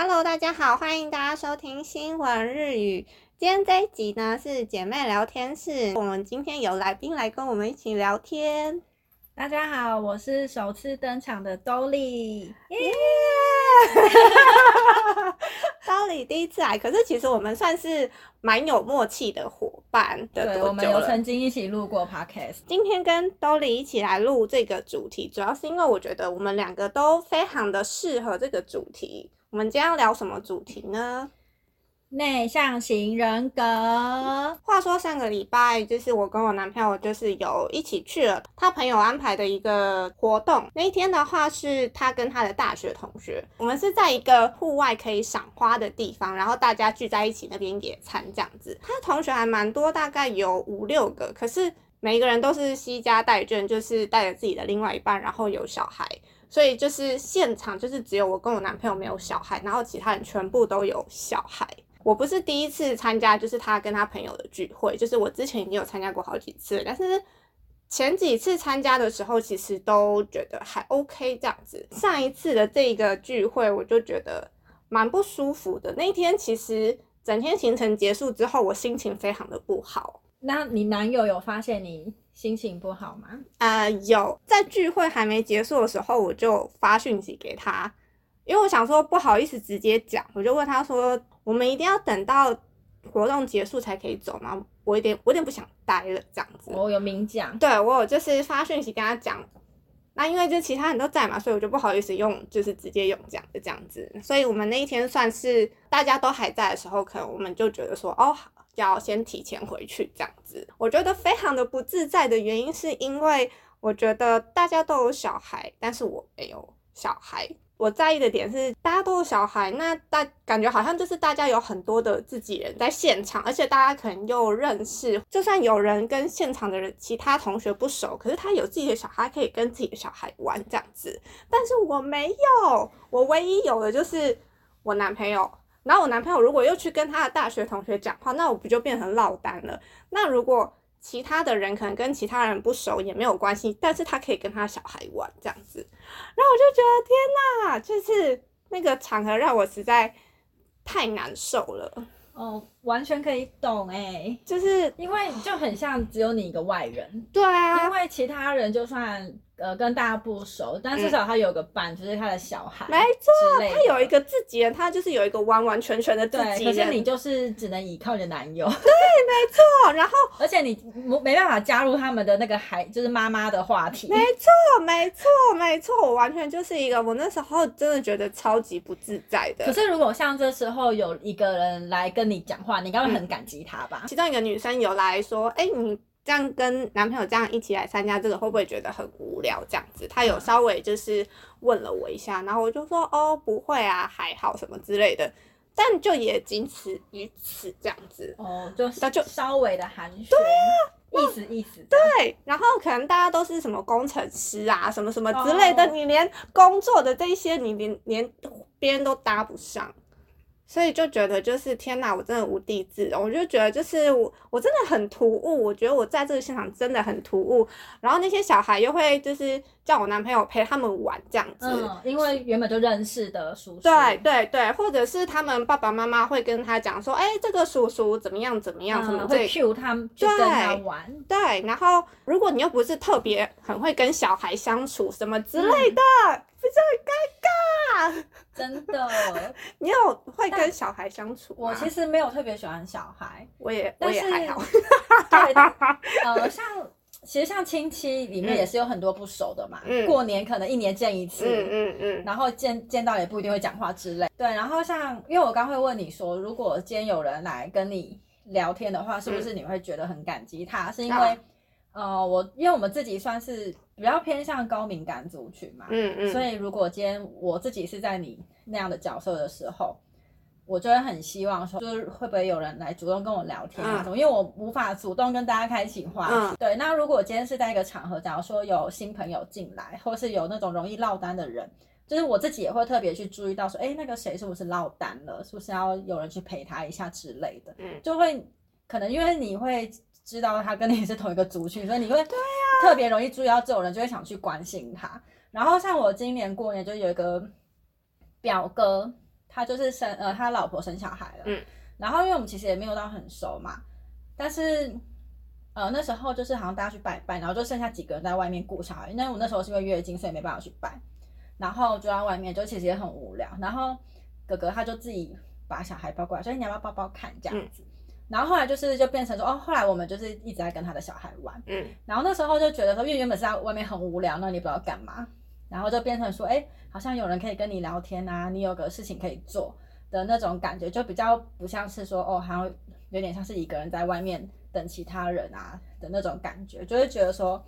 Hello，大家好，歡迎大家收聽新聞日語。今天這一集呢是姐妹聊天室，我們今天有來賓來跟我們一起聊天。大家好，我是首次登場的 Dolly。耶，Dolly 第一次來，可是其實我們算是蠻有默契的伙伴的。對，我們有曾經一起錄過 Podcast。今天跟 Dolly 一起來錄這個主題，主要是因為我覺得我們兩個都非常的適合這個主題。我們今天要聊什麼主題呢？內向型人格。話說上個禮拜，就是我跟我男朋友，就是有一起去了他朋友安排的一個活動。那一天的話，是他跟他的大學同學，我們是在一個戶外可以賞花的地方，然後大家聚在一起那邊野餐這樣子。他同學還蠻多，大概有五六個，可是每一個人都是攜家帶眷，就是帶着自己的另外一半，然後有小孩。所以就是現場就是只有我跟我男朋友沒有小孩，然後其他人全部都有小孩。我不是第一次參加，就是他跟他朋友的聚會，就是我之前已經有參加過好幾次，但是前幾次參加的時候其實都覺得還 OK 這樣子。上一次的這一個聚會，我就覺得蠻不舒服的。那天其實整天行程結束之後，我心情非常的不好。那你男友有發現你？心情不好嗎？呃，有，在聚會還沒結束的時候，我就發訊息給他，因為我想說不好意思，直接講，我就問他說，我們一定要等到活動結束才可以走嗎？我有點，我有點不想待了這樣子。我、哦、有明講，對我有就是發訊息跟他講，那因為就其他人都在嘛，所以我就不好意思用，就是直接用這樣，這樣子。所以我們那一天算是大家都還在的時候，可能我們就覺得說，哦。要先提前回去，這樣子。我覺得非常的不自在的原因，是因為我覺得大家都有小孩，但是我沒有小孩。我在意的點是，大家都有小孩，那大感覺好像就是大家有很多的自己人在現場，而且大家可能又認識。就算有人跟現場的人其他同學不熟，可是他有自己的小孩可以跟自己的小孩玩這樣子。但是我沒有，我唯一有的就是我男朋友。然後我男朋友如果又去跟他的大學同學講話，那我不就變成落單了？那如果其他的人可能跟其他人不熟也沒有關係，但是他可以跟他小孩玩這樣子。然後我就覺得天哪，就是那個場合讓我實在太難受了。哦，完全可以懂誒，就是因為就很像只有你一個外人。對啊，因為其他人就算。呃，跟大家不熟，但至少他有個伴，嗯、就是他的小孩的。沒錯，他有一個自己人，他就是有一個完完全全的自己。對，可是你就是只能依靠你的男友。對，沒錯。然後，而且你沒沒辦法加入他們的那個孩，就是媽媽的話題。沒錯，沒錯，沒錯。我完全就是一個，我那時候真的覺得超級不自在的。可是，如果像這時候有一個人來跟你講話，你應該會很感激他吧？嗯。其中一個女生有來說：“誒、欸，你。”這樣跟男朋友這樣一起來參加這個，會不會覺得很無聊？這樣子，他有稍微就是問了我一下，嗯、然後我就說哦，不會啊，還好什麼之類的，但就也僅此於此這樣子哦，就是就稍微的寒暄，那就稍微的寒暄，對啊，意思意思，對，然後可能大家都是什麼工程師啊，什麼什麼之類的，哦、你連工作的這一些，你連連邊都搭不上。所以就覺得就是天哪，我真的無地自容。我就覺得就是我，我真的很突兀。我覺得我在這個現場真的很突兀。然後那些小孩又會就是叫我男朋友陪他們玩這樣子，嗯，因為原本就認識的叔叔。對對對，或者是他們爸爸媽媽會跟他講說，哎、欸，這個叔叔怎麼樣怎麼樣，嗯、什麼會 cue 他，他，對，玩，對。然後如果你又不是特別很會跟小孩相處什麼之類的。嗯很尬，真的。 你有會跟小孩相處？我其實沒有特別喜歡小孩，我也，但是還 對的，呃，像其實像親戚裡面也是有很多不熟的嘛。嗯、過年可能一年見一次，嗯嗯，嗯嗯嗯，然後見見到也不一定會講話之類的。對，然後像，因為我剛會問你說，如果今天有人來跟你聊天的話，是不是你會覺得很感激他？嗯、是因為哦、呃，我因為我們自己算是比較偏向高敏感族群嘛，嗯嗯，嗯所以如果今天我自己是在你那樣的角色的時候，我就會很希望說，就是會不會有人來主動跟我聊天那種，嗯、因為我無法主動跟大家開啟話題。嗯、對，那如果今天是在一個場合，假如說有新朋友進來，或是有那種容易落單的人，就是我自己也會特別去注意到說，哎，那個誰是不是落單了，是不是要有人去陪他一下之類的，嗯，就會可能因為你會。知道他跟你是同一個族群，所以你會特別容易注意到這種人，就會想去關心他。啊、然後像我今年過年就有一個表哥，他就是生呃他老婆生小孩了，嗯，然後因為我們其實也沒有到很熟嘛，但是呃那時候就是好像大家去拜拜，然後就剩下幾個人在外面顧小孩，因為我那時候是因為月經所以沒辦法去拜，然後就在外面就其實也很無聊，然後哥哥他就自己把小孩抱過來，所以你要不要抱抱抱看這樣子？嗯然後後來就是就變成說哦，後來我們就是一直在跟他的小孩玩，嗯，然後那時候就覺得說，因為原本是在外面很無聊，那你不知道幹嘛，然後就變成說，哎，好像有人可以跟你聊天啊，你有個事情可以做的那種感覺，就比較不像是說哦，好像有點像是一個人在外面等其他人啊的那種感覺，就會覺得說。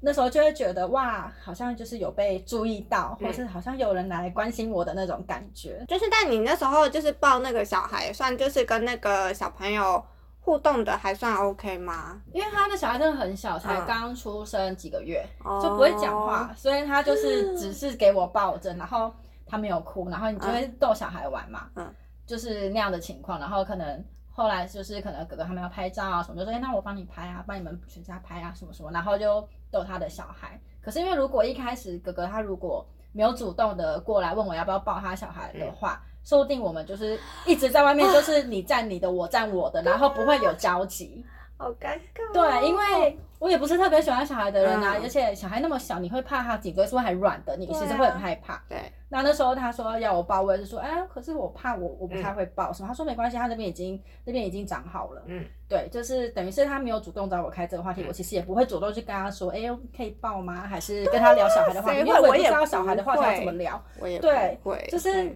那時候就會覺得哇，好像就是有被注意到，或是好像有人來關心我的那種感覺。嗯、就是，但你那時候就是抱那個小孩，算就是跟那個小朋友互動的，還算 OK 嗎？因為他的小孩真的很小，才剛出生幾個月，就、嗯、不會講話，所以他就是只是給我抱着，嗯、然後他沒有哭，然後你就會逗小孩玩嘛，嗯，就是那樣的情況，然後可能。後來就是可能哥哥他們要拍照啊什麼，就說、哎、那我幫你拍啊，幫你們全家拍啊什麼什麼，然後就逗他的小孩。可是因為如果一開始哥哥他如果沒有主動的過來問我要不要抱他小孩的話，嗯、說不定我們就是一直在外面，就是你站你的，我站我的，啊、然後不會有交集。好尷尬。對，因為我也不是特別喜歡小孩的人啊，而且小孩那麼小，你會怕他頸椎是不是還軟的，你其實會很害怕。對。那那時候他說要我抱，我也是說，哎，可是我怕我我不太會抱，是他說沒關係，他那邊已經那邊已經長好了。嗯。對，就是等於是他沒有主動找我開這個話題，我其實也不會主動去跟他說，哎，可以抱嗎？還是跟他聊小孩的話題，因為我也不知道小孩的話題怎麼聊。我也對，就是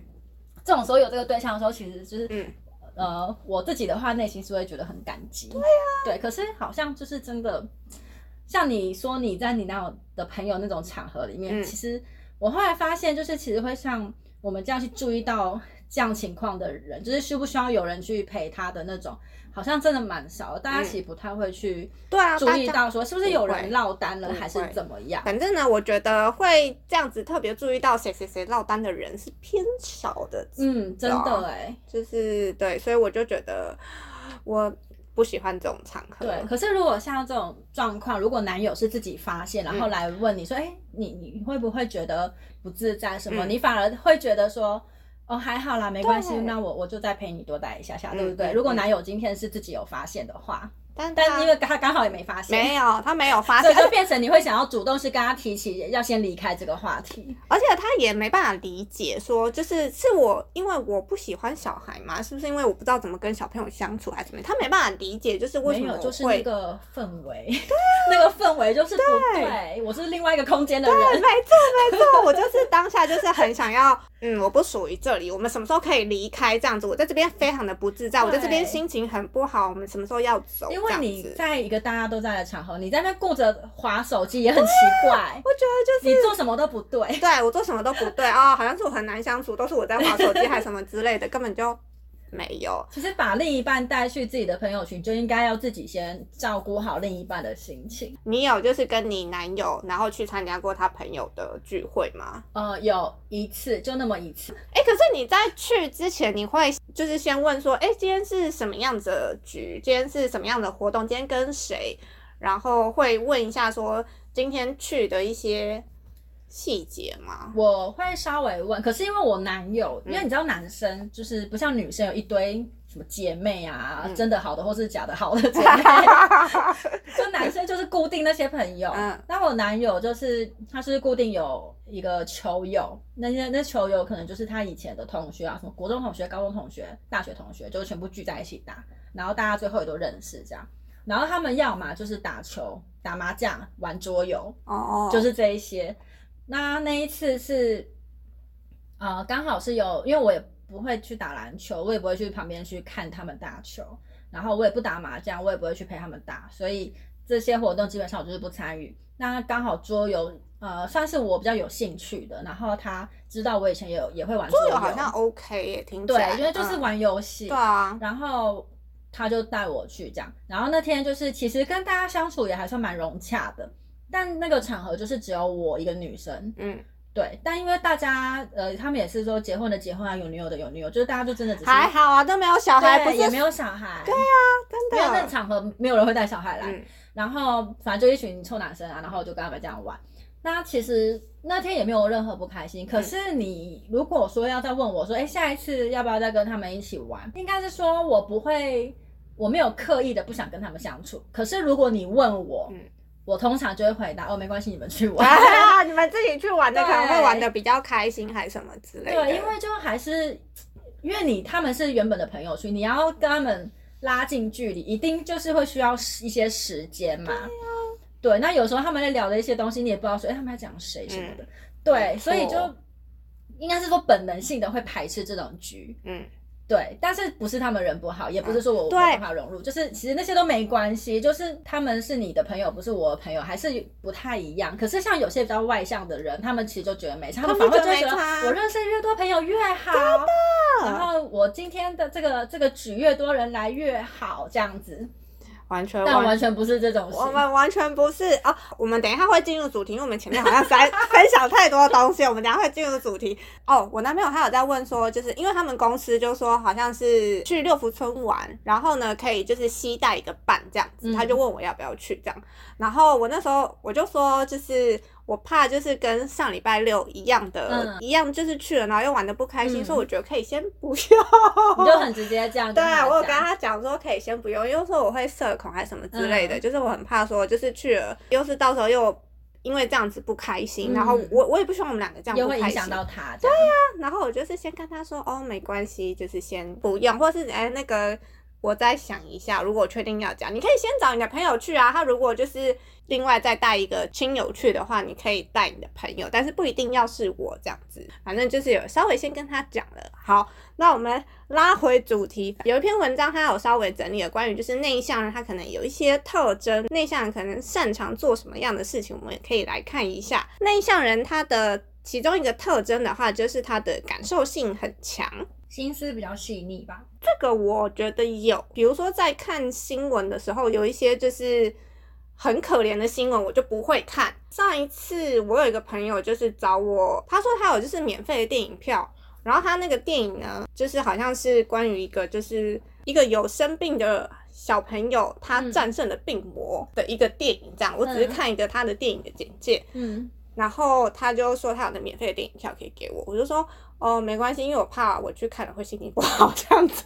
這種時候有這個對象的時候，其實就是呃，我自己的話，內心是會覺得很感激，對呀、啊，對。可是好像就是真的，像你說你在你那的朋友那種場合裡面，嗯、其實我後來發現，就是其實會像我們這樣去注意到。這樣情況的人，就是需不需要有人去陪他的那種，好像真的蠻少，大家其實不太會去注意到說是不是有人落單了，還是怎麼樣、嗯、對啊。反正呢，我覺得會這樣子特別注意到誰誰誰落單的人是偏少的、啊。嗯，真的哎，就是對，所以我就覺得我不喜歡這種場合。對，可是如果像這種狀況，如果男友是自己發現，然後來問你說：“哎、嗯，你你會不會覺得不自在什麼？”嗯、你反而會覺得說。哦，還好啦，沒關係。對那我我就再陪你多待一下下，對不對？嗯、如果男友今天是自己有發現的話。但但是因為他剛好也沒發現，沒有他沒有發現，就變成你會想要主動去跟他提起要先離開這個話題，而且他也沒辦法理解說，就是是我因為我不喜歡小孩嘛，是不是因為我不知道怎麼跟小朋友相處還是怎麼？他沒辦法理解，就是為什麼沒有就是那個氛圍，對， 那個氛圍就是不對，對我是另外一個空間的人，對沒錯沒錯，我就是當下就是很想要， 嗯，我不屬於這裡，我們什麼時候可以離開？這樣子，我在這邊非常的不自在，對我在這邊心情很不好，我們什麼時候要走？因為因為你在一個大家都在的場合，你在那顧着滑手機也很奇怪。欸，我覺得就是你做什麼都不對，對，對我做什麼都不對啊，， 哦，好像是我很難相處，都是我在滑手機還是什麼之類的，根本就。沒有，其實把另一半帶去自己的朋友圈，就應該要自己先照顧好另一半的心情。你有就是跟你男友，然後去參加過他朋友的聚會嗎？呃，有一次，就那麼一次。欸，可是你在去之前，你會就是先問說，欸，今天是什麼樣子的局？今天是什麼樣的活動？今天跟誰？然後會問一下說，今天去的一些細節嗎？我會稍微問，可是因為我男友，嗯、因為你知道男生就是不像女生有一堆什麼姐妹啊，嗯、真的好的或是假的好的姐妹，就、嗯、 男生就是固定那些朋友。嗯，那我男友就是他，是固定有一個球友，那些那球友可能就是他以前的同學啊，什麼國中同學、高中同學、大學同學，就全部聚在一起打，然後大家最後也都認識這樣。然後他們要嘛就是打球、打麻將、玩桌遊，哦，oh. 就是這一些。那那一次是，呃，剛好是有，因為我也不會去打籃球，我也不會去旁邊去看他們打球，然後我也不打麻將，我也不會去陪他們打，所以這些活動基本上我就是不參與。那剛好桌遊，呃，算是我比較有興趣的。然後他知道我以前也有也會玩桌遊，桌遊，好像 OK 也挺對，因為就是玩遊戲，嗯，對啊。然後他就帶我去這樣，然後那天就是其實跟大家相處也還算蠻融洽的。但那個場合就是只有我一個女生，嗯，對。但因為大家，呃，他們也是說結婚的結婚啊，有女友的有女友，就是大家就真的只是還好啊，都沒有小孩，對不是也沒有小孩，對啊，真的。因為那場合，沒有人會帶小孩來。嗯、然後反正就一群臭男生啊，然後就跟他們這樣玩。那其實那天也沒有任何不開心。可是你如果說要再問我說，哎、嗯欸，下一次要不要再跟他們一起玩？應該是說我不會，我沒有刻意的不想跟他們相處。可是如果你問我，嗯我通常就會回答哦，沒關係，你們去玩、 啊，你們自己去玩的對可能會玩的比較開心，還是什麼之類的。對，因為就還是，因為你他們是原本的朋友，所以你要跟他們拉近距離，一定就是會需要一些時間嘛。對、啊、對那有時候他們在聊的一些東西，你也不知道說，欸、他們在講誰什麼的。嗯、對，錯所以就應該是說本能性的會排斥這種局。嗯。對，但是不是他們人不好，也不是說我沒辦法融入，啊、就是其實那些都沒關係，就是他們是你的朋友，不是我的朋友，還是不太一樣。可是像有些比較外向的人，他們其實就覺得沒事，他們反而就覺得我認識越多朋友越好，啊、然後我今天的這個這個局越多人來越好這樣子。完全，但完全不是這種事。我們完全不是啊、哦！我們等一下會進入主題，因為我們前面好像分分享太多東西， 我們等一下會進入主題。哦，我男朋友他有在問說，就是因為他們公司就說好像是去六福村玩，然後呢可以就是攜帶一個伴這樣子，他就問我要不要去這樣。嗯、然後我那時候我就說就是。我怕就是跟上禮拜六一樣的，嗯、一樣就是去了，然後又玩的不開心，嗯、所以我覺得可以先不用，就很直接這樣。對啊，我有跟他講說可以先不用，因為說我會社恐還是什麼之類的，嗯、就是我很怕說就是去了，又是到時候又因為這樣子不開心，嗯、然後我我也不希望我們兩個這樣不開心。又會影響到他。對啊，然後我就是先跟他說哦，沒關係，就是先不用，或者是哎、欸、那個。我再想一下，如果確定要講，你可以先找你的朋友去啊。他如果就是另外再帶一個親友去的話，你可以帶你的朋友，但是不一定要是我這樣子。反正就是有稍微先跟他講了。好，那我們拉回主題，有一篇文章他有稍微整理了關於就是內向人他可能有一些特徵，內向人可能擅長做什麼樣的事情，我們也可以來看一下。內向人他的其中一個特徵的話，就是他的感受性很強。心思比較細膩吧，這個我覺得有。比如說，在看新聞的時候，有一些就是很可憐的新聞，我就不會看。上一次我有一個朋友就是找我，他說他有就是免費的電影票，然後他那個電影呢，就是好像是關於一個就是一個有生病的小朋友他戰勝了病魔的一個電影這樣。嗯。我只是看一個他的電影的簡介，嗯。嗯然後他就說他有的免費的電影票可以給我，我就說哦，沒關係，因為我怕我去看了會心情不好這樣子。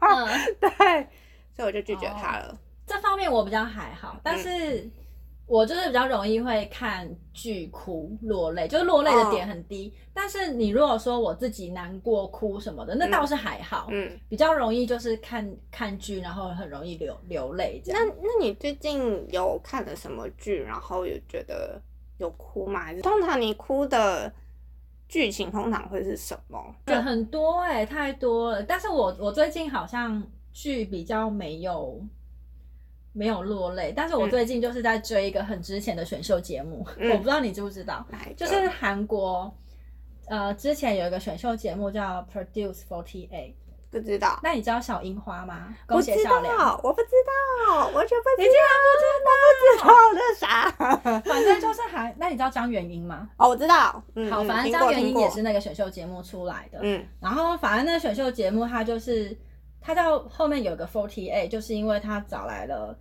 啊，嗯，對，所以我就拒絕他了。哦。這方面我比較還好，但是我就是比較容易會看劇哭落淚，就是落淚的點很低。嗯、但是你如果說我自己難過哭什麼的，那倒是還好，嗯，嗯，比較容易就是看看劇然後很容易流流淚這樣。那那你最近有看了什麼劇，然後有覺得？有哭嗎？通常你哭的劇情通常會是什麼？對、嗯，很多哎、欸，太多了。但是我我最近好像劇比較沒有沒有落淚。但是我最近就是在追一個很之前的選秀節目，嗯，我不知道你知不知道，嗯，就是韓國，呃，之前有一個選秀節目叫《Produce 48》。不知道，那你知道小櫻花嗎？我知道，我不知道，完全不知道。你竟然不知道？那啥，反正就是還。那你知道張元英嗎？哦，我知道。嗯、好，反正張元英也是那個選秀節目出來的。嗯，然後反正那個選秀節目，他就是他到後面有個 Forty Eight，就是因為他找來了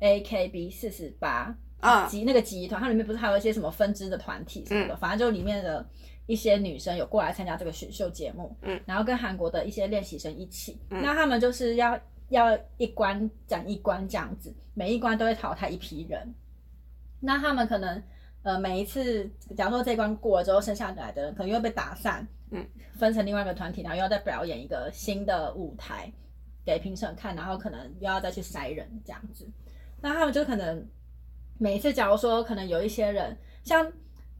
AKB 四十八啊，集那個集團，它裡面不是還有一些什麼分支的團體什麼的，嗯、反正就裡面的。一些女生有過來參加這個選秀節目，嗯，然後跟韓國的一些練習生一起，那他們就是要要一關斬一關這樣子，每一關都會淘汰一批人。那他們可能，呃，每一次，假如說這一關過了之後，剩下來的人可能又被打散，嗯，分成另外一個團體，然後又要再表演一個新的舞台給評審看，然後可能又要再去篩人這樣子。那他們就可能，每一次假如說可能有一些人像。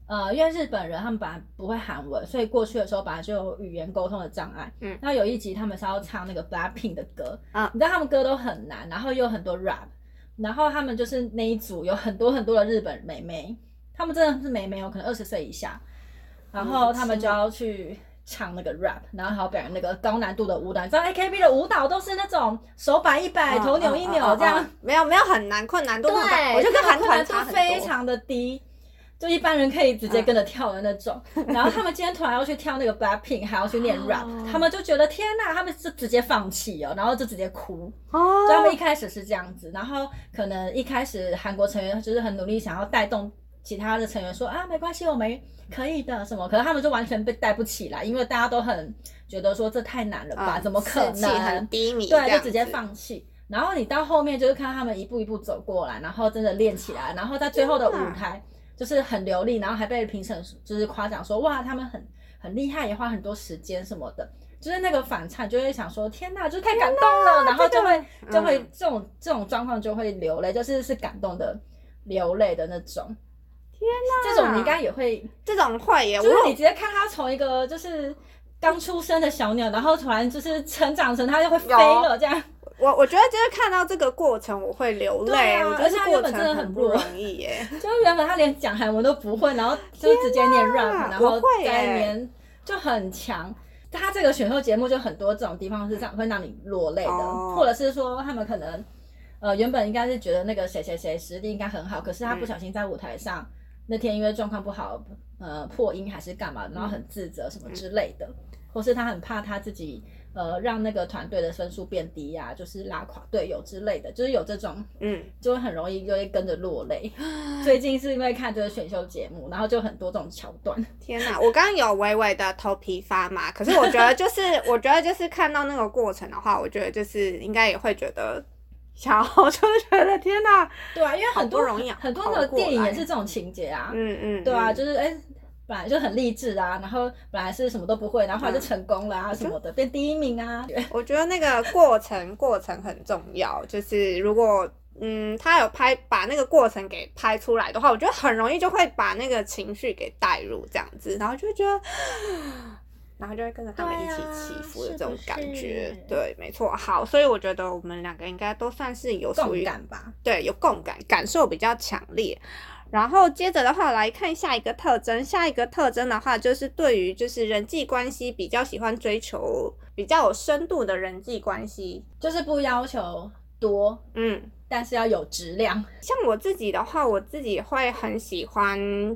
呃，因為日本人他們本來不會韓文，所以過去的時候本來就有語言溝通的障礙。嗯，那有一集他們是要唱那個 BLACKPINK 的歌啊，嗯、你知道他們歌都很難，然後又有很多 rap，然後他們就是那一組有很多很多的日本美眉，他們真的是美眉哦，可能二十歲以下，然後他們就要去唱那個 rap，然後還要表演那個高難度的舞蹈。你知道 AKB 的舞蹈都是那種手擺一擺，頭扭一扭這樣，哦哦哦哦哦沒有沒有很難，困難度很，對我覺得跟韓團差非常的低。就一般人可以直接跟着跳的那種，uh, 然後他們今天突然要去跳那個 Blackpink， 還要去練 rap，oh, 他們就覺得天哪，他們是直接放棄哦，然後就直接哭。哦，oh. 他們一開始是這樣子，然後可能一開始韓國成員就是很努力，想要帶動其他的成員說 啊，沒關係，我們可以的什麼，可是他們就完全被帶不起來，因為大家都很覺得說這太難了吧，uh, 怎麼可能？低迷對，就直接放棄。然後你到後面就是看他們一步一步走過來，然後真的練起來，oh, 然後在最後的舞台。就是很流利，然後還被評審就是誇獎說，哇，他們很很厲害，也花很多時間什麼的。就是那個反差，就會想說天哪，就是太感動了，哪然後就會、這個、就會、嗯、這種這種狀況就會流淚，就是是感動的流淚的那種。天哪，這種你應該也會，這種會耶，就是你直接看他從一個就是剛出生的小鳥，嗯、然後突然就是成長成他就會飛了這樣。我我覺得就是看到這個過程，我會流淚。對啊、我覺得過程他原本真的很不容易耶。 就原本他連講韓文都不會，然後就直接念 rap，哪然後再練就很強。欸、他這個選秀節目就很多這種地方是這樣會讓你落淚的，嗯、或者是說他們可能呃原本應該是覺得那個誰誰誰實力應該很好，可是他不小心在舞台上、嗯、那天因為狀況不好，呃破音還是幹嘛，然後很自責什麼之類的，嗯、或是他很怕他自己。呃，讓那個團隊的分數變低呀、啊，就是拉垮隊友之類的，就是有這種，嗯，就會很容易就會跟着落淚。唉最近是因為看這個選秀節目，然後就很多這種橋段。天哪，我剛剛有微微的頭皮發麻。 可是我覺得，就是我覺得，就是看到那個過程的話， 我覺得就是應該也會覺得，小就是覺得天哪，對啊，因為很多容易很多的電影也是這種情節啊，嗯，嗯嗯，對啊，就是哎。欸本來就很勵志啊，然後本來是什麼都不會，然後後來就成功了啊、嗯、什麼的，變第一名啊。我覺得那個過程 過程很重要，就是如果嗯他有拍把那個過程給拍出來的話，我覺得很容易就會把那個情緒給帶入這樣子，然後就會覺得，然後就會跟着他們一起起伏的這種感覺。對,啊、是不是？對，沒錯。好，所以我覺得我們兩個應該都算是有屬於共感吧？對，有共感，感受比較強烈。然後接着的話來看下一個特徵，下一個特徵的話就是對於，就是人際關係比較喜歡追求比較有深度的人際關係，就是不要求多，嗯，但是要有質量。像我自己的話，我自己會很喜歡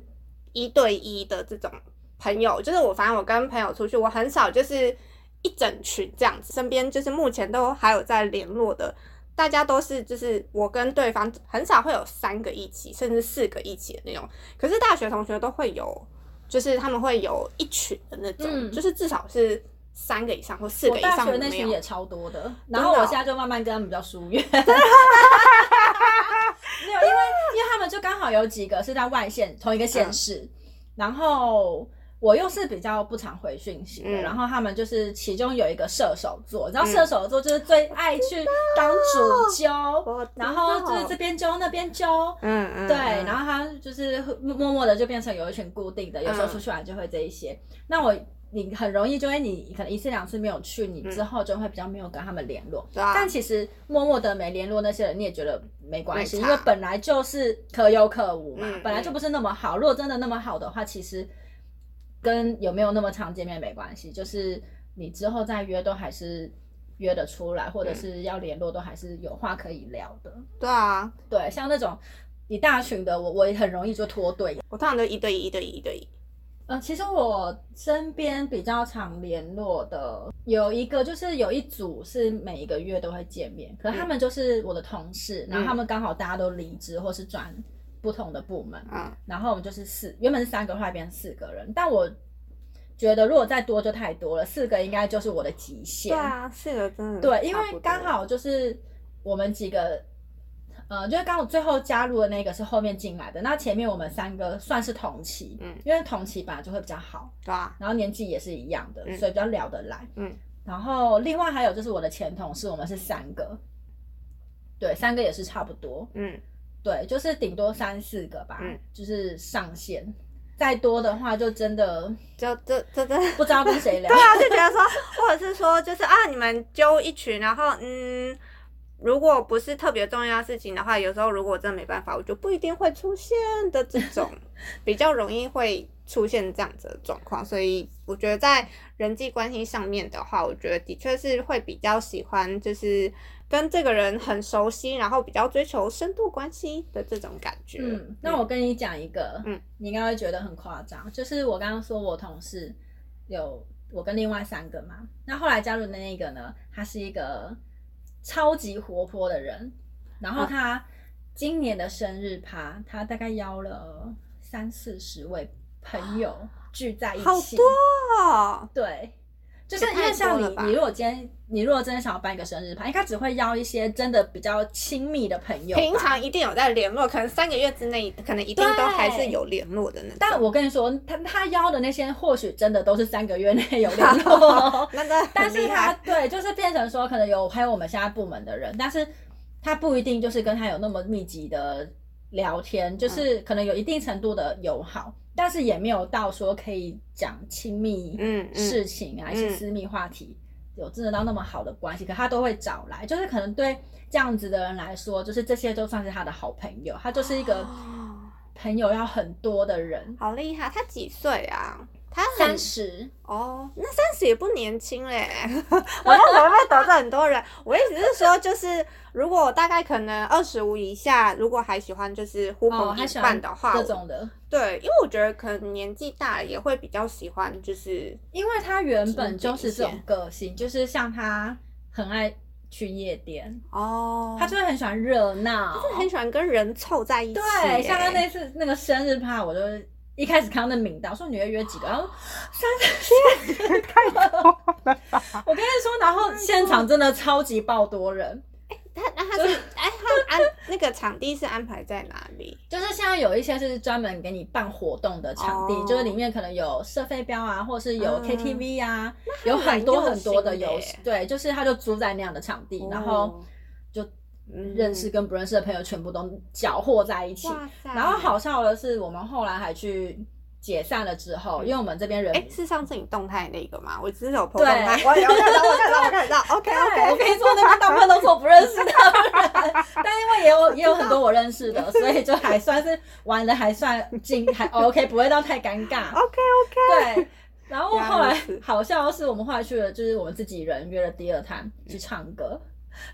一對一的這種朋友，就是我反正我跟朋友出去，我很少就是一整群這樣子，身邊就是目前都還有在聯絡的。大家都是，就是我跟對方很少會有三個一起，甚至四個一起的那種。可是大學同學都會有，就是他們會有一群的那種，嗯、就是至少是三個以上或四個以上的那群也超多的。然後我現在就慢慢跟他們比較疏遠。 沒有，因為因為他們就剛好有幾個是在外縣同一個縣市，嗯、然後。我又是比較不常回訊息的，然後他們就是其中有一個射手座，然後射手座就是最愛去當主揪，然後就是這邊揪那邊揪，嗯對，然後他就是默默的就變成有一群固定的，有時候出去玩就會這一些。那我你很容易就，哎，你可能一次兩次沒有去，你之後就會比較沒有跟他們聯絡。但其實默默的沒聯絡那些人，你也覺得沒關係，因為本來就是可有可無嘛，本來就不是那麼好。如果真的那麼好的話，其實。跟有沒有那麼常見面沒關係，就是你之後再約都還是約得出來，或者是要聯絡都還是有話可以聊的。嗯、對啊，對，像那種一大群的我，我我也很容易就脫隊。我通常都一對一、一對一、一對一。嗯，呃，其實我身邊比較常聯絡的有一個，就是有一組是每一個月都會見面，可是他們就是我的同事，嗯、然後他們剛好大家都離職或是轉。不同的部門，嗯、然後我們就是四，原本是三個，後來變四個人。但我覺得如果再多就太多了，四個應該就是我的極限。對啊，四個真的對，因為剛好就是我們幾個，呃，就是剛好最後加入的那個是後面進來的，那前面我們三個算是同期，嗯，因為同期吧，就會比較好，對、嗯、然後年紀也是一樣的，嗯、所以比較聊得來，嗯。然後另外還有就是我的前同事，我們是三個，對，三個也是差不多，嗯。對，就是頂多三四個吧，嗯、就是上限。再多的話，就真的就這這這不知道跟誰聊。 對啊，就覺得說，或者是說，就是啊，你們揪一群，然後嗯，如果不是特別重要的事情的話，有時候如果真的沒辦法，我就不一定會出現的這種， 比較容易會出現這樣子的狀況，所以。我覺得在人際關係上面的話，我覺得的確是會比較喜歡，就是跟這個人很熟悉，然後比較追求深度關係的這種感覺。嗯，那我跟你講一個，嗯，你應該會覺得很誇張，就是我剛剛說我同事有我跟另外三個嘛，那後來加入的那個呢，他是一個超級活潑的人，然後他今年的生日趴，他大概邀了三四十位。朋友聚在一起，好多、哦，對，多對，就是因為像你，你如果今天，你如果真的想要辦一個生日派，他只會邀一些真的比較親密的朋友。平常一定有在聯絡，可能三個月之內，可能一定都還是有聯絡的那。那但我跟你說，他他邀的那些，或許真的都是三個月內有聯絡那個， 但是他對，就是變成說，可能有還有我們現在部門的人，但是他不一定就是跟他有那麼密集的聊天，就是可能有一定程度的友好。嗯但是也沒有到說可以講親密事情啊、嗯嗯、一些私密話題有真的到那麼好的關係，嗯、可他都會找來。就是可能對這樣子的人來說，就是這些都算是他的好朋友。他就是一個朋友要很多的人，哦、十好厲害！他幾歲啊？他三十哦，那三十也不年輕嘞。 我說我會得罪很多人。 我意思是說，就是如果大概可能二十五以下，如果還喜歡就是呼朋引伴的話，哦、這種的。對，因為我覺得可能年紀大也會比較喜歡，就是因為他原本就是這種個性，就是像他很愛去夜店哦，他就會很喜歡熱鬧，就是很喜歡跟人湊在一起。對，像他那次那個生日趴，我都一開始看到那名單說女兒約幾個，啊、然後生日派太多了， 我跟你說，然後現場真的超級爆多人。 他那他是哎他安那個場地是安排在哪裡？就是像有一些是專門給你辦活動的場地，oh. 就是裡面可能有射飛鏢啊，或是有 KTV 啊，uh. 有很多很多的遊戲，對，就是他就租在那樣的場地，oh. 然後就認識跟不認識的朋友全部都攪和在一起。Oh. 然後好笑的是，我們後來還去。解散了之後，因為我們這邊人哎，是上次你動態那個嗎？我只是有拍動態，我有看到，我有看到。OK，OK。我跟你說，那個大部分都說不認識他們，但因為也有也有很多我認識的，所以就還算是玩的還算近，還 OK，不會到太尷尬。OK，OK。對。然後後來好像是，我們後來去了，就是我們自己人約了第二攤去唱歌。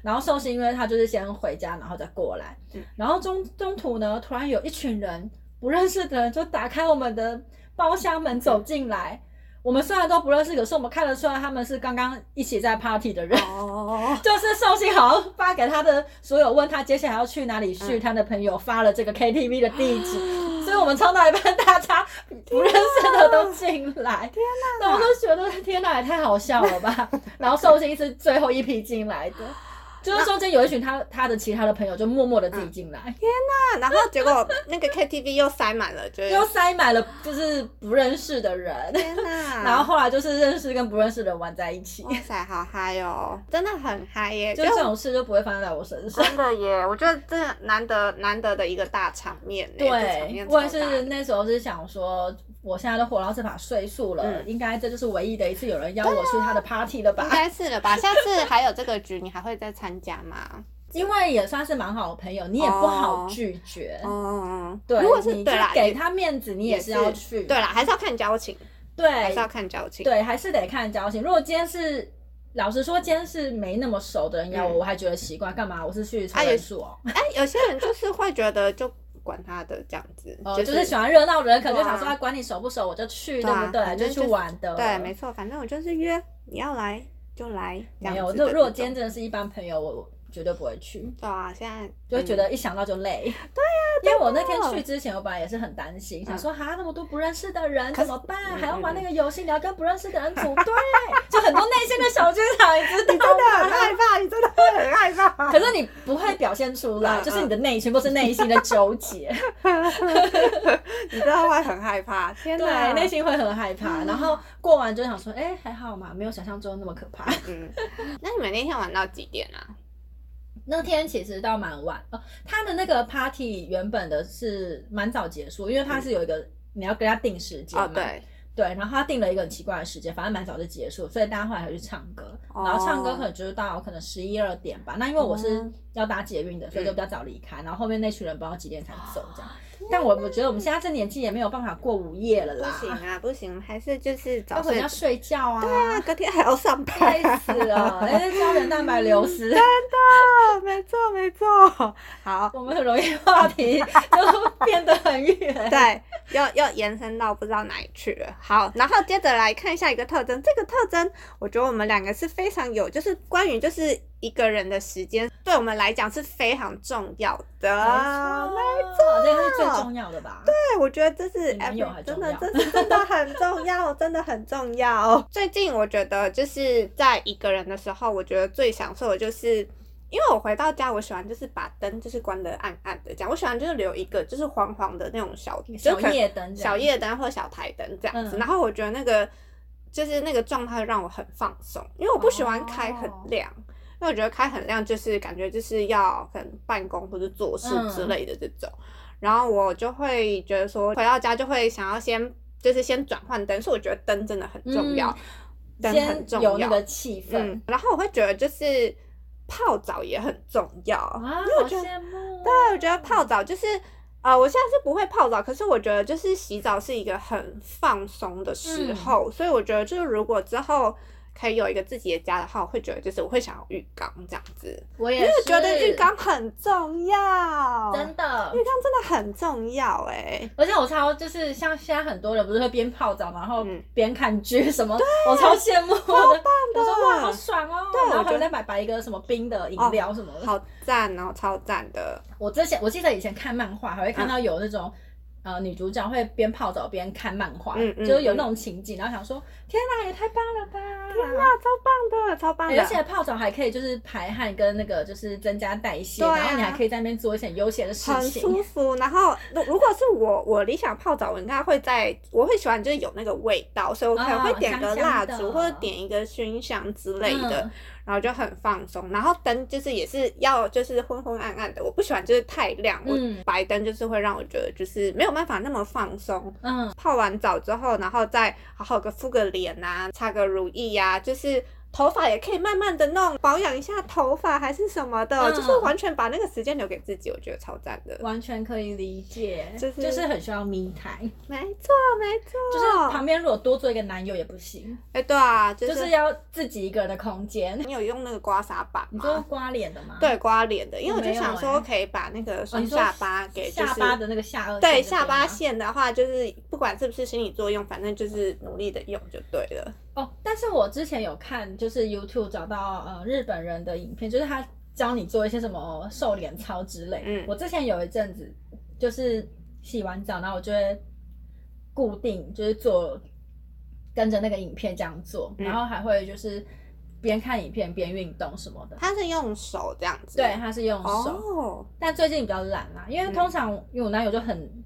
然後壽星因為他就是先回家，然後再過來。然後中中途呢，突然有一群人。不認識的人就打開我們的包廂門走進來，嗯、我們雖然都不認識，可是我們看得出來他們是剛剛一起在 party 的人。哦、就是壽星好像發給他的所有問他接下來要去哪裡去，嗯、他的朋友發了這個 KTV 的地址，啊、所以我們唱到一半，大家不認識的都進來，天哪、啊！我都覺得天哪，也太好笑了吧？然後壽星是最後一批進來的。就是中間有一群他那他的其他的朋友就默默的自己進來、嗯，天哪！然後結果那個 KTV 又塞滿了， 就又塞滿了，就是不認識的人，天吶哪， 然後後來就是認識跟不認識的人玩在一起，哇塞，好嗨哦，真的很嗨耶！就這種事就不會發生在我身上，真的耶！我覺得這難得難得的一個大場面，對，我也是那時候是想說。我現在都活到這把歲數了，應該這就是唯一的一次有人邀我去他的 party 了吧。應該是了吧？下次還有這個局，你還會再參加嗎？因為也算是蠻好的朋友，你也不好拒絕。嗯，對，如果是你就，給他面子，你也是要去。對啦，還是要看交情。對，還是要看交情。對，還是得看交情。如果今天是老實說，今天是沒那麼熟的人邀我，我還覺得奇怪，幹嘛？我是去湊人數哦。哎，有些人就是會覺得就。管他的這樣子，就是喜歡熱鬧的人，可能就想說，他管你熟不熟，我就去，對不對？就去玩的。對，沒錯，反正我就是約你要來就來。沒有，就如果今天真的是一般朋友，我絕對不會去。對啊，現在就會覺得一想到就累。對呀，因為我那天去之前，我本來也是很擔心，想說哈，那麼多不認識的人怎麼辦？還要玩那個遊戲，你要跟不認識的人組隊，就很多內心的小劇場，你知道的，你真的很害怕，你知道。可是你不會表現出來，嗯、就是你的內心，全部、嗯、是內心的糾結。 你知道會很害怕， 天哪對，內心會很害怕。嗯、然後過完就想說，哎、欸，還好嘛，沒有想象中那麼可怕。嗯，那你們那天玩到幾點啊？那天其實到蠻晚哦。他的那個 party 原本的是蠻早結束，因為他是有一個、嗯、你要跟他定時間、哦。對。對，然後他定了一個很奇怪的時間，反正蠻早就結束，所以大家後來還去唱歌。Oh. 然後唱歌可能就是到可能十一二點吧。那因為我是。Mm. 要搭捷運的，所以就比較早離開。嗯、然後後面那群人不知道幾點才走，這樣。哦、但我我覺得我們現在這年紀也沒有辦法過午夜了啦。不行啊，不行，還是就是早睡要睡覺啊。對啊，隔天還要上班，累死了，而且膠原蛋白流失。嗯、真的，沒錯沒錯。好，我們很容易話題就變得很遠。 對，要要延伸到不知道哪裡去了。好，然後接着來看一下一個特徵。這個特徵，我覺得我們兩個是非常有，就是關於就是。一個人的時間對我們來講是非常重要的，沒錯，沒錯，這個是最重要的吧？對，我覺得這是真的，這是真的很重要真，真的很重要。最近我覺得就是在一個人的時候，我覺得最享受的就是因為我回到家，我喜歡就是把燈就是關得暗暗的，這樣，我喜歡就是留一個就是黃黃的那種小小夜燈、小夜燈或小檯燈這樣子。嗯，然後我覺得那個就是那個狀態讓我很放鬆，因為我不喜歡開很亮。哦。因為我覺得開很亮，就是感覺就是要可能辦公或者做事之類的這種，然後我就會覺得說回到家就會想要先就是先轉換燈，所以我覺得燈真的很重要，燈很重要，有那個氣氛。然後我會覺得就是泡澡也很重要，因為我覺得，對，我覺得泡澡就是，呃，我現在是不會泡澡，可是我覺得就是洗澡是一個很放鬆的時候，所以我覺得就是如果之後。可以有一個自己的家的話，我會覺得就是我會想要浴缸這樣子，我也是覺得浴缸很重要，真的，浴缸真的很重要哎、欸。而且我超就是像現在很多人不是會邊泡澡然後邊看劇什麼，嗯、我超羨慕，好對的棒的，我說，哇好爽哦、喔，對然後還在買白一個什麼冰的飲料什麼的、哦，好讚哦、喔，超讚的。我之前我記得以前看漫畫還會看到有那種。嗯呃，女主角會邊泡澡邊看漫畫，嗯嗯嗯，就是有那種情景，然後想說：天哪、啊，也太棒了吧！天哪、啊，超棒的，超棒的、欸！而且泡澡還可以就是排汗跟那個就是增加代謝，對啊、然後你還可以在那邊做一些很悠閒的事情，很舒服。然後如果是我，我理想泡澡我應該會在，我會喜歡就是有那個味道，所以我可能會點個蠟燭、哦、或者點一個熏香之類的。嗯然後就很放鬆，然後燈就是也是要就是昏昏暗暗的，我不喜歡就是太亮，嗯、我白燈就是會讓我覺得就是沒有辦法那麼放鬆。嗯，泡完澡之後，然後再好好的敷個臉啊，擦個乳液呀，就是。頭髮也可以慢慢的弄保養一下頭髮還是什麼的，嗯、就是完全把那個時間留給自己，我覺得超讚的，完全可以理解，就是就是很需要迷台，沒錯沒錯，就是旁邊如果多做一個男友也不行，哎、欸、對啊，就是、就是要自己一個人的空間。你有用那個刮痧板嗎？你用刮臉的嗎？對，刮臉的，因為我就想說可以把那個雙下巴給、就是哦、下巴的那個下顎，對下巴線的話，就是不管是不是心理作用，反正就是努力的用就對了。哦，但是我之前有看，就是 YouTube 找到呃日本人的影片，就是他教你做一些什麼瘦臉操之類。嗯，我之前有一陣子，就是洗完澡，然後我就會固定就是做，跟着那個影片這樣做，嗯、然後還會就是邊看影片邊運動什麼的。他是用手這樣子？對，他是用手。哦，但最近比較懶啦、啊，因為通常因為我男友就很，嗯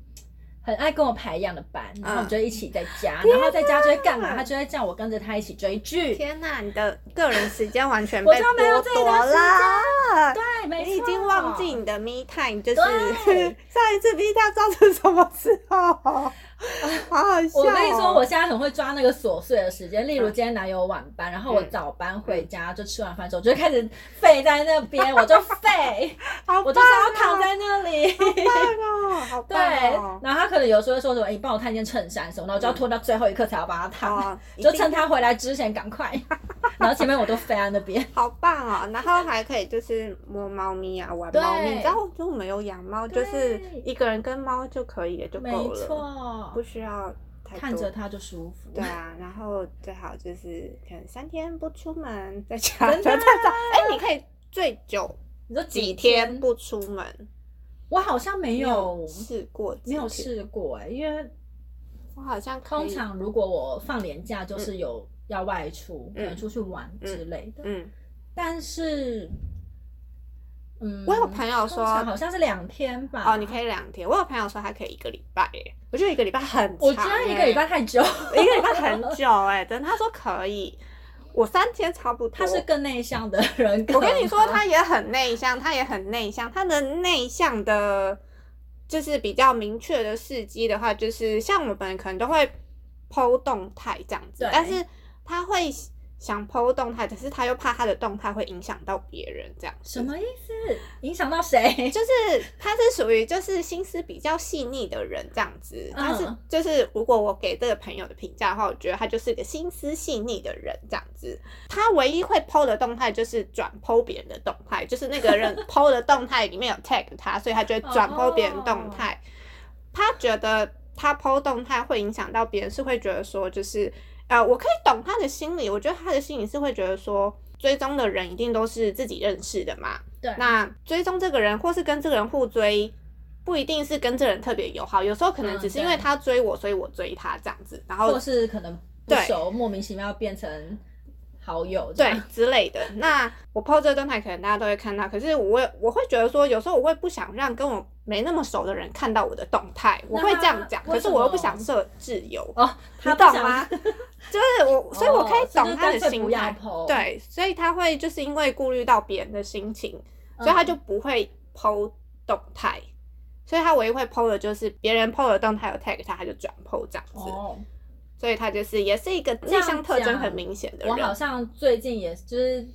很愛跟我排一樣的班，然後我們就一起在家，嗯、然後在家就會幹嘛？啊、他就會叫我跟着他一起追劇。天哪、啊，你的個人時間完全被剝奪了 我奪啦！ 對，沒錯，你已經忘記你的 me time 就是對 上一次 me time 造成什麼時候？ 好好笑，我跟你說，我現在很會抓那個瑣碎的時間，例如今天男友晚班，然後我早班回家，就吃完飯之後，我就開始廢在那邊，我就廢，我就想要躺在那裡，好棒哦！好棒哦！對，然後他可能有時候說什麼，你幫我燙一件襯衫什麼，的。我就要拖到最後一刻才要把它燙，就趁他回來之前趕快。然後前面我都廢在那邊，好棒啊！然後還可以就是摸貓咪啊，玩貓咪。你知道，然後就沒有養貓，就是一個人跟貓就可以了，就夠了，沒錯不需要看着它就舒服。對啊，然後最好就是可能三天不出門在家，哎、 啊 欸，你可以最久你說幾天，幾天不出門？我好像沒有試過，沒有試過哎、欸，因為我好像通常如果我放年假，就是有要外出，嗯、可能出去玩之類的，嗯，嗯嗯但是。嗯，我有朋友說好像是兩天吧。哦，你可以兩天。我有朋友說他可以一個禮拜，我覺得一個禮拜很長。我覺得一個禮拜,、欸、拜太久，一個禮拜很久哎、欸， 真的。他說可以，我三天差不多。他是更內向的人，我跟你說，他也很內向, 向，他也很內向，他的內向的，就是比較明確的事蹟的話，就是像我們可能都會 PO 動態這樣子，對但是他會。想 po 動態，可是他又怕他的動態會影響到別人，這樣什麼意思？影響到誰？就是他是屬於就是心思比較細膩的人這樣子，他是，就是如果我給這個朋友的評價的話，我覺得他就是一個心思細膩的人這樣子。他唯一會 po 的動態就是轉 po 別人的動態，就是那個人 po 的動態裡面有 tag 他， 所以他就會轉 po 別人動態，他覺得他 po 動態會影響到別人，是會覺得說就是。我可以懂他的心理，我覺得他的心理是會覺得說，追蹤的人一定都是自己認識的嘛。對，那追蹤這個人，或是跟這個人互追，不一定是跟這個人特別友好，有時候可能只是因為他追我，嗯、所以我追他這樣子，然後或是可能不熟，對莫名其妙變成好友，對之類的。那我 po 這個狀態，可能大家都會看到，可是我會我會覺得說，有時候我會不想讓跟我。沒那麼熟的人看到我的動態，他我會這樣講，可是我又不想設自由，你懂嗎？ 就是我， 所以我可以懂他的心態。對，所以他會就是因為顧慮到別人的心情，所以他就不會 po 動態，嗯、所以他唯一會 po 的就是別人 po 的動態有 tag 他，他就轉 po 這樣子。哦、所以他就是也是一個內向特徵很明顯的人。我好像最近也就是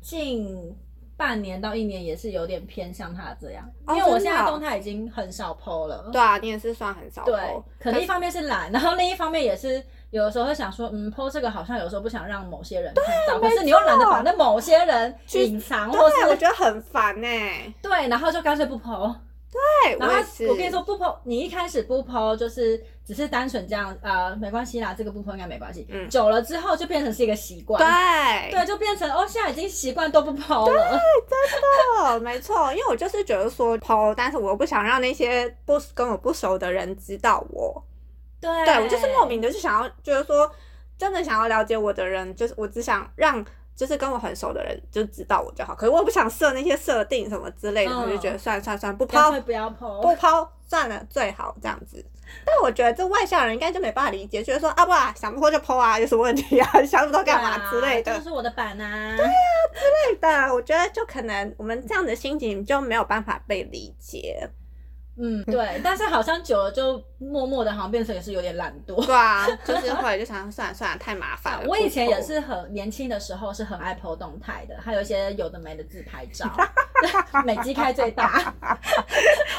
近。半年到一年也是有點偏向他這樣，因為我現在動態已經很少 PO 了。哦喔。對啊，你也是算很少 PO。對，看 可能一方面是懶，然後另一方面也是有的時候會想說，嗯，PO 這個好像有時候不想讓某些人看到，對可是你又懶得把那某些人隱藏或是，對，我覺得很煩呢、欸。對，然後就乾脆不 PO。對，然後我，我跟你說，不 po，你一開始不 po 就是只是單純這樣，啊、呃，沒關係啦，這個不 po 應該沒關係。嗯，久了之後就變成是一個習慣。對，對，就變成哦，現在已經習慣都不 po 了。對，真的， 沒錯，因為我就是覺得說 po，但是我不想讓那些不跟我不熟的人知道我。對，對我就是莫名的就想要覺得說，真的想要了解我的人，就是我只想讓。就是跟我很熟的人就知道我就好，可是我不想設那些設定什麼之類的，我、哦、就覺得算算算不 PO，不，PO，不要 PO，不 PO 算了最好這樣子。但我覺得這外向人應該就沒辦法理解，覺得說啊不啊想不 PO 就 PO 啊，有什麼問題啊，想那麼多幹嘛之類的、啊，這是我的版啊，對啊之類的，我覺得就可能我們這樣的心情就沒有辦法被理解。嗯，對，但是好像久了就默默的，好像變成也是有點懶惰。 對啊，就是後來就想算了算了，太麻煩了、 啊。我以前也是很年輕的時候是很愛 PO 動態的，還有一些有的沒的自拍照，美肌 開最大。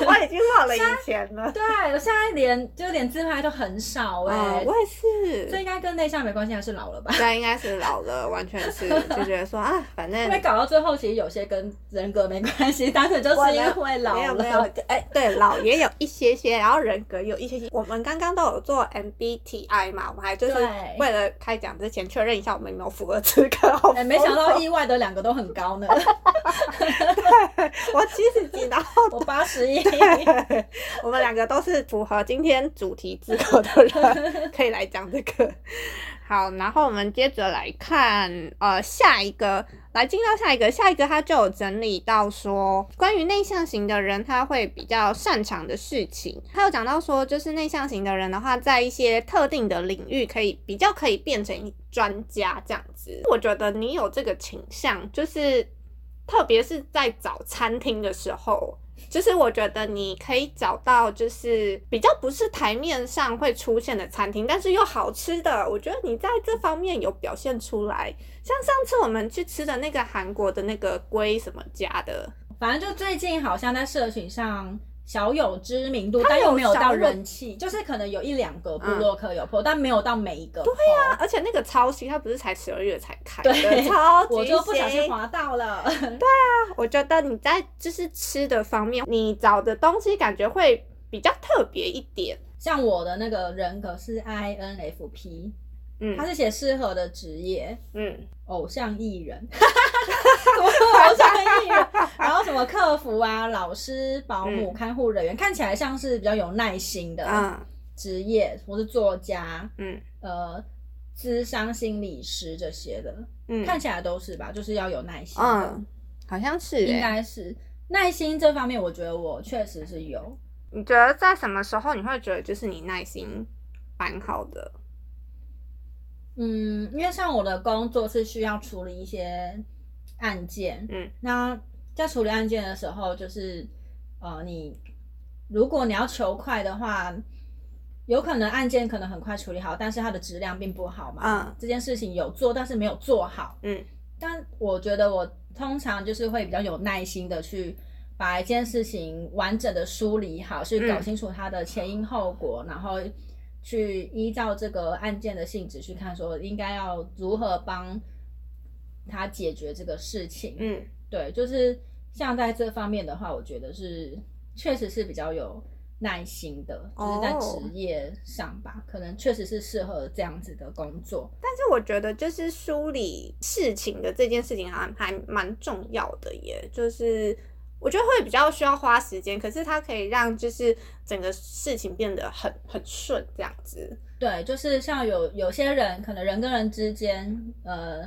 我已經老了以前了。對，我現在連就連自拍都很少哎、欸哦。我也是，所以應該跟內向沒關係，還是老了吧？現在應該是老了，完全是就覺得說啊，反正因為 搞到最後，其實有些跟人格沒關係，當時就是因為老了。沒有沒有，哎、欸，對老了。哦、也有一些些，然後人格有一些些。我們剛剛都有做 MBTI 嘛，我們還就是為了開講之前確認一下我們有沒有符合資格對。哎，沒想到意外的兩個都很高呢。我七十幾，然後 我八十一。我們兩個都是符合今天主題資格的人，可以來講這個。好，然後我們接着來看，呃，下一個來進到下一個，下一個他就有整理到說，關於內向型的人，他會比較擅長的事情。他有講到說，就是內向型的人的話，在一些特定的領域，可以比較可以變成專家這樣子。我覺得你有這個傾向，就是特別是在找餐廳的時候。就是我覺得你可以找到，就是比較不是台面上會出現的餐廳，但是又好吃的。我覺得你在這方面有表現出來，像上次我們去吃的那個韓國的那個龜什麼家的，反正就最近好像在社群上小有知名度，但又沒有到人氣，嗯、就是可能有一兩個部落客有 po、嗯，但沒有到每一個。對呀、啊，而且那個超新它不是才十二月才開的，對超級新。我就不小心滑到了。對啊，我覺得你在就是吃的方面， 你找的東西感覺會比較特別一點。像我的那個人格是 I N F P。嗯，他是寫適合的職業，嗯，偶像藝人，哈哈哈哈哈，偶像藝人？然後什麼客服啊、老師、保姆、看護人員，看起來像是比較有耐心的職業，或是作家，嗯，呃，諮商心理師這些的，嗯，看起來都是吧，就是要有耐心，嗯，好像是，應該是耐心這方面，我覺得我確實是有。你覺得在什麼時候你會覺得就是你耐心蠻好的？嗯，因為像我的工作是需要處理一些案件，嗯，那在處理案件的時候，就是呃，你如果你要求快的話，有可能案件可能很快處理好，但是它的質量並不好嘛，嗯，這件事情有做，但是沒有做好，嗯，但我覺得我通常就是會比較有耐心的去把一件事情完整的梳理好，嗯，去搞清楚它的前因後果，嗯，然後。去依照這個案件的性質去看，說應該要如何幫他解決這個事情。嗯，對，就是像在這方面的話，我覺得是確實是比較有耐心的，就是在職業上吧，哦、可能確實是適合這樣子的工作。但是我覺得，就是梳理事情的這件事情，好像還蠻重要的耶，也就是。我覺得會比較需要花時間，可是它可以讓就是整個事情變得很很順這樣子。對，就是像有有些人可能人跟人之間，呃，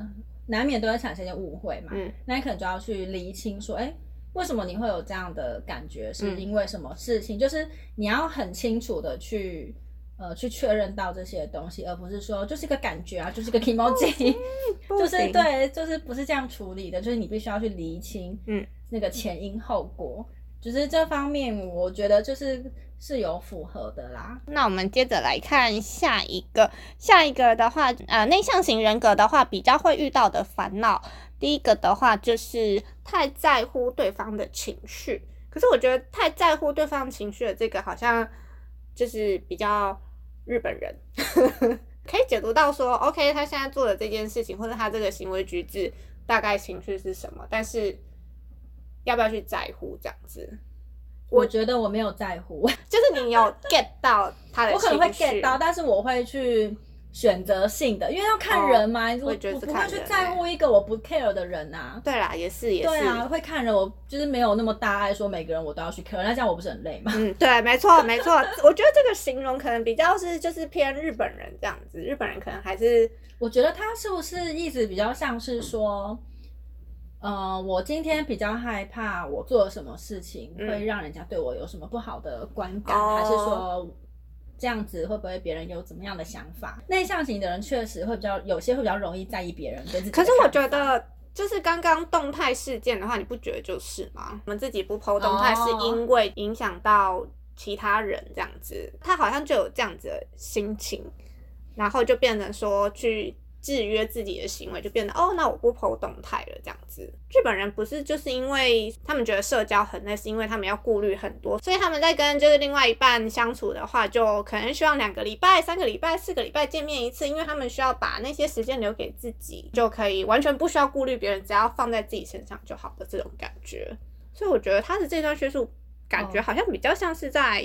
難免都會產生一些誤會嘛。嗯、那你可能就要去釐清，說，哎、欸，為什麼你會有這樣的感覺？是因為什麼事情？嗯、就是你要很清楚的去，呃，去確認到這些東西，而不是說就是一個感覺啊，就是一個 kimoji， 就是對，就是不是這樣處理的，就是你必須要去釐清。嗯。那個前因後果，嗯、就是這方面，我覺得就是是有符合的啦。那我們接着來看下一個，下一個的話，呃，內向型人格的話，比較會遇到的煩惱，第一個的話就是太在乎對方的情緒。可是我覺得太在乎對方情緒的這個，好像就是比較日本人，呵呵，可以解讀到說，OK，他現在做的這件事情，或者他這個行為舉止，大概情緒是什麼，但是。要不要去在乎這樣子？我，我覺得我沒有在乎，就是你有 get 到他的， 我可能會 get 到，但是我會去選擇性的，因為要看人嘛。哦、我覺得看人，我不會去在乎一個我不 care 的人啊。對啦，也是，也是，對啊，會看人，我就是沒有那麼大愛，說每個人我都要去 care，那這樣我不是很累嗎？嗯，對，沒錯，沒錯。我覺得這個形容可能比較是，就是偏日本人這樣子。日本人可能還是， 我覺得他是不是意思比較像是說。呃，我今天比較害怕，我做了什麼事情會讓人家對我有什麼不好的觀感，嗯、還是說這樣子會不會別人有怎麼樣的想法？嗯、內向型的人確實會比較，有些會比較容易在意別人對自己。可是我覺得，就是剛剛動態事件的話，你不覺得就是嗎？我們自己不 po 動態，是因為影響到其他人這樣子。哦、他好像就有這樣子的心情，然後就變成說去。制約自己的行為，就變得哦，那我不 po 動態了這樣子。日本人不是就是因為他們覺得社交很累，是因為他們要顧慮很多，所以他們在跟就是另外一半相處的話，就可能希望兩個禮拜、三個禮拜、四個禮拜見面一次，因為他們需要把那些時間留給自己，就可以完全不需要顧慮別人，只要放在自己身上就好了這種感覺。所以我覺得他的這段敘述感覺好像比較像是在。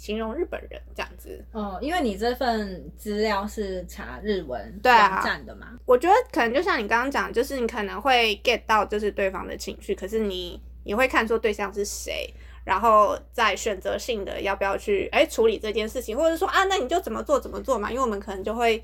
形容日本人這樣子，哦，因為你這份資料是查日文對啊，的我覺得可能就像你剛剛講，就是你可能會 get 到就是對方的情緒，可是，你你會看出對象是誰，然後再選擇性的要不要去哎、欸、處理這件事情，或者說啊，那你就怎麼做怎麼做嘛，因為我們可能就會。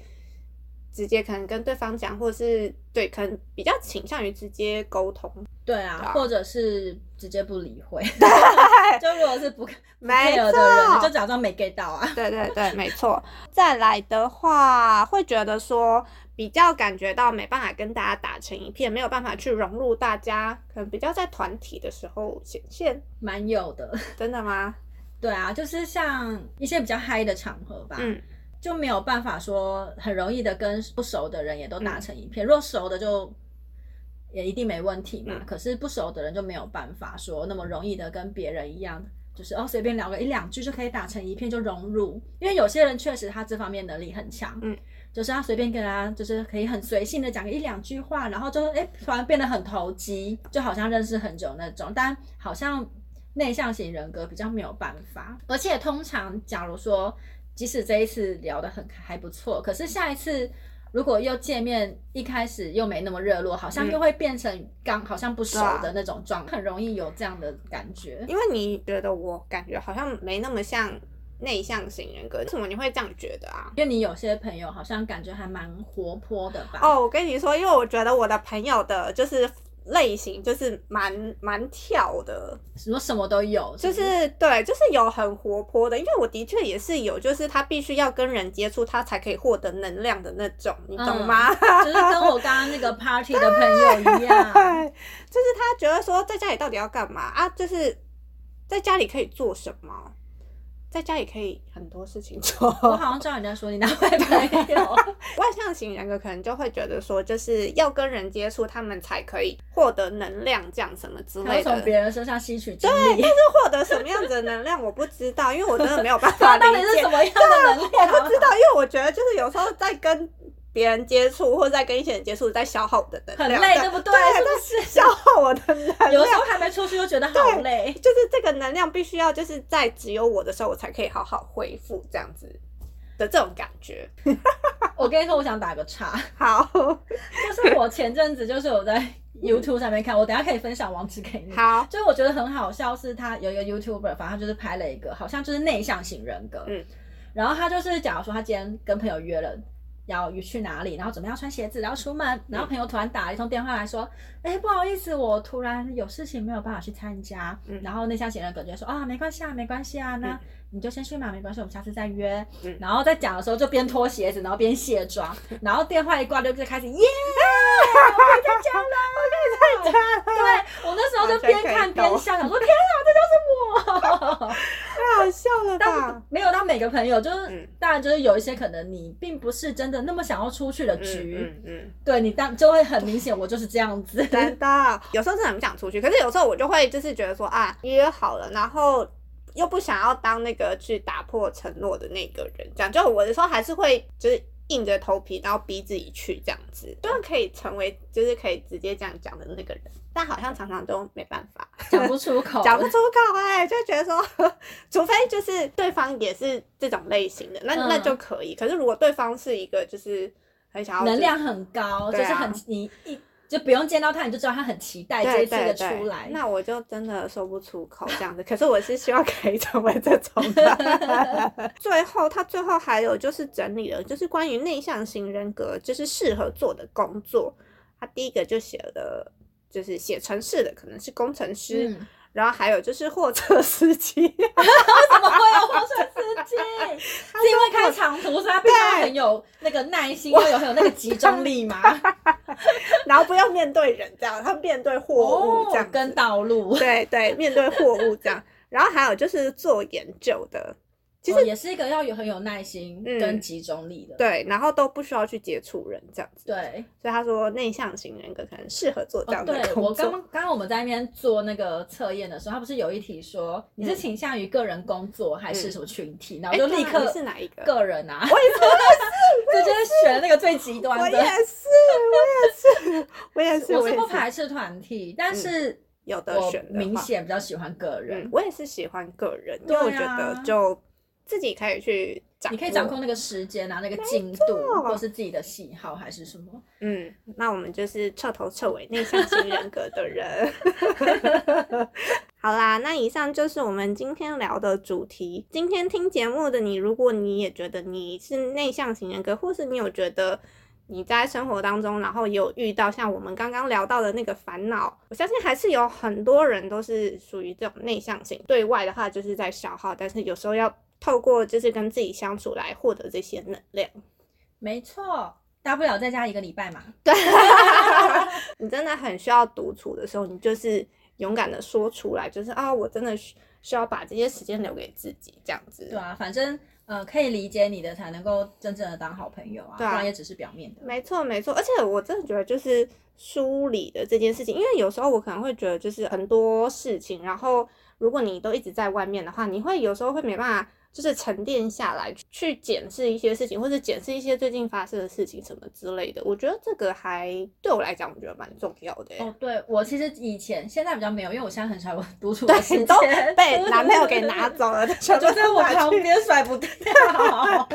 直接可能跟對方講，或是對，可能比較傾向於直接溝通。對啊，對啊，或者是直接不理會。對 就，就如果是不沒有錯的人，就假裝沒 get 到啊。對對對，沒錯。再來的話，會覺得說比較感覺到沒辦法跟大家打成一片，沒有辦法去融入大家，可能比較在團體的時候顯現。蠻有的，真的嗎？對啊，就是像一些比較嗨的場合吧。嗯。就沒有辦法說很容易的跟不熟的人也都打成一片，嗯、若熟的就也一定沒問題嘛。嗯、可是不熟的人就沒有辦法說那麼容易的跟別人一樣，就是哦隨便聊個一兩句就可以打成一片就融入，因為有些人確實他這方面能力很強，嗯，就是他隨便跟人家就是可以很隨性的講個一兩句話，然後就誒、欸，突然變得很投機，就好像認識很久那種。但好像內向型人格比較沒有辦法，而且通常假如說。即使這一次聊得很還不錯，可是下一次如果又見面，一開始又沒那麼熱絡，好像又會變成剛好像不熟的那種狀態，啊，很容易有這樣的感覺。因為你覺得我感覺好像沒那麼像內向型人格，為什麼你會這樣覺得啊？因為你有些朋友好像感覺還蠻活潑的吧？哦，我跟你說，因為我覺得我的朋友的就是。類型就是蠻蠻跳的，什麼什麼都有是不是？就是對，就是有很活潑的，因為我的確也是有，就是他必須要跟人接觸，他才可以獲得能量的那種，嗯、你懂嗎？就是跟我剛剛那個 party 的朋友一樣對，就是他覺得說在家裡到底要幹嘛啊？就是在家裡可以做什麼？在家也可以很多事情做。 我好像知道人家說你，你難有外向型人格可能就會覺得說，就是要跟人接觸，他們才可以獲得能量，這樣什麼之類的。從別人身上吸取精力。對，但是獲得什麼樣子的能量我不知道， 因為我真的沒有辦法理解。到底 是什麼樣的能量。 我不知道，因為我覺得就是有時候在跟。別人接觸或在跟一些人接觸，在消耗我的能量，很累，對不對？對，是不是消耗我的能量。有時候還沒出去，就覺得好累。就是這個能量必須要就是在只有我的時候，我才可以好好恢復這樣子的這種感覺。 我跟你說，我想打個叉。好，就是我前陣子就是我在 YouTube 上面看，嗯、我等下可以分享網址給你。好，就是我覺得很好笑，是他有一個 YouTuber，反正就是拍了一個，好像就是內向型人格。嗯，然後他就是假如說他今天跟朋友約了。要去哪裡，然後怎麼樣穿鞋子，然後出門，然後朋友突然打了一通電話來說：“哎、嗯，欸，不好意思，我突然有事情沒有辦法去參加。嗯”然後那項顯然感覺說：“啊，沒關係啊，沒關係啊。嗯”那。你就先去嘛，沒關係，我們下次再約。嗯、然後在講的時候就邊脫鞋子，然後邊卸妝，然後電話一掛就就開始耶， yeah! 太假了， 太假了。對，我那時候就邊看邊笑，我說天啊，這就是我，太、啊、好笑了。但沒有到每個朋友，就是當然、嗯、就是有一些可能你並不是真的那麼想要出去的局，嗯，嗯，嗯對你當就會很明顯，我就是這樣子。真的，有時候真的很想出去，可是有時候我就會就是覺得說啊，約好了，然後。又不想要當那個去打破承諾的那個人，這樣就我的時候還是會就是硬着頭皮，然後逼自己去這樣子，就可以成為就是可以直接這樣講的那個人，但好像常常都沒辦法講不出口，講不出口哎、欸，就覺得說，除非就是對方也是這種類型的，那、嗯、那就可以。可是如果對方是一個就是很想要能量很高，啊、就是很你一。你就不用見到他，你就知道他很期待這一次的出來。對對對。那我就真的說不出口這樣子， 可是我是希望可以成為這種的。 最後，他最後還有就是整理了，就是關於內向型人格，就是適合做的工作。他第一個就寫的，就是寫程式的，可能是工程師。嗯然後還有就是貨車司機，為 什 麼會有貨車司機？他是因為開長途是，所以他比較很有那個耐心，有有很有那個集中力嘛。 然後不要面對人這樣，他們面對貨物這樣，哦，跟道路。對對，面對貨物這樣。然後還有就是做研究的。其實也是一個要有很有耐心跟集中力的，對，然後都不需要去接觸人這樣子，對。所以他說內向型人格可能適合做這樣的工作。對，我剛剛剛我們在那邊做那個測驗的時候，他不是有一題說你是傾向於個人工作還是什麼群體？然後我就立刻，你是哪一個？個人啊！我也是，直接是選那個最極端的。我也是，我也是，我也是。我是不排斥團體，但是有的選明顯比較喜歡個人。我也是喜歡個人，因為我覺得就。自己可以去掌控，你可以掌控那個時間啊，那個進度，沒錯。或是自己的喜好還是什麼。嗯，那我們就是徹頭徹尾內向型人格的人。 好啦，那以上就是我們今天聊的主題。今天聽節目的你，如果你也覺得你是內向型人格，或是你有覺得你在生活當中，然後也有遇到像我們剛剛聊到的那個煩惱，我相信還是有很多人都是屬於這種內向型。對外的話就是在消耗，但是有時候要。透過就是跟自己相處來獲得這些能量，沒錯，大不了在家一個禮拜嘛。對 你真的很需要獨處的時候，你就是勇敢的說出來，就是啊、哦，我真的需需要把這些時間留給自己這樣子。對啊，反正呃，可以理解你的才能夠真正的當好朋友啊，對啊，不然也只是表面的。沒錯，沒錯，而且我真的覺得就是梳理的這件事情，因為有時候我可能會覺得就是很多事情，然後如果你都一直在外面的話，你會有時候會沒辦法。就是沉澱下來，去檢視一些事情，或者檢視一些最近發生的事情什麼之類的。我覺得這個還對我來講，我覺得蠻重要的。哦，對，我其實以前現在比較沒有，因為我現在很少獨處的時間。對，都被男朋友給拿走了， 就在我旁邊甩不掉。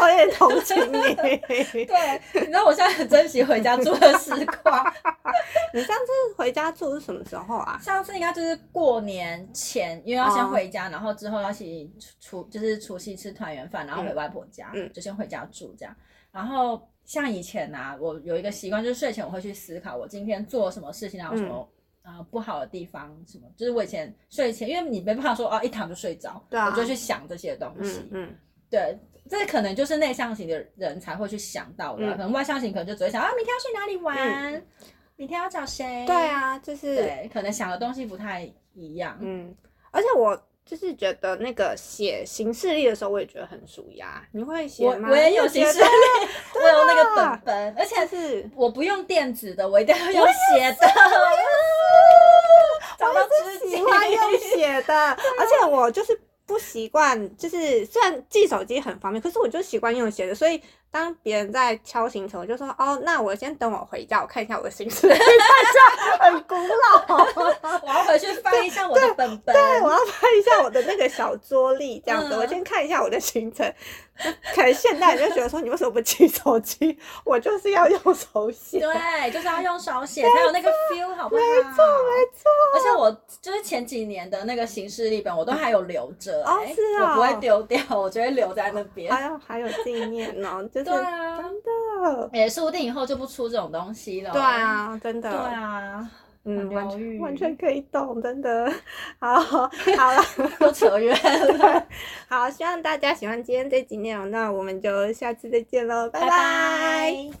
我也同情你。 對，你知道我現在很珍惜回家住的時光。 你上次回家住是什麼時候啊？上次應該就是過年前，因為要先回家，哦、然後之後要去出就是。就是除夕吃團圓飯，然後回外婆家，嗯、就先回家住這樣。嗯、然後像以前啊，我有一個習慣，就是睡前我會去思考我今天做什麼事情，然後什麼啊、嗯嗯、不好的地方，什麼就是我以前睡前，因為你沒辦法說啊一躺就睡着，對啊、我就去想這些東西。嗯，嗯對，這可能就是內向型的人才會去想到的、啊，嗯、可能外向型可能就只會想啊明天要去哪裡玩，嗯、明天要找誰。對啊，就是對，可能想的東西不太一樣。嗯，而且我。就是覺得那個寫行事曆的時候，我也覺得很紓壓。你會寫嗎？我我也有行事曆，我有那個本本，就是、而且是我不用電子的，我一定要用寫的。哈哈我是喜歡用寫的， 啊、而且我就是不習慣，就是雖然記手機很方便，可是我就習慣用寫的，所以。當別人在敲行程，我就說哦，那我先等我回家，我看一下我的行程。你看一下，很古老， 我要回去翻一下我的本本對。對，我要翻一下我的那個小桌曆，這樣子， 嗯、我先看一下我的行程。可能現在就覺得說，你為什麼不記手機？我就是要用手寫。對，就是要用手寫，沒錯才有那個 feel 好不好？沒錯，沒錯。而且我就是前幾年的那個行事曆本，我都還有留着。哦，欸、是啊、哦。我不會丟掉，我就會留在那邊、哦哎。還有還有紀念呢、哦，就。 對啊，真的，也說不定以後就不出這種東西了。對啊，真的。對啊，嗯，完全完全可以懂，真的。好好了， 不扯遠。 好，希望大家喜歡今天這集內容，那我們就下次再見嘍，拜拜。Bye bye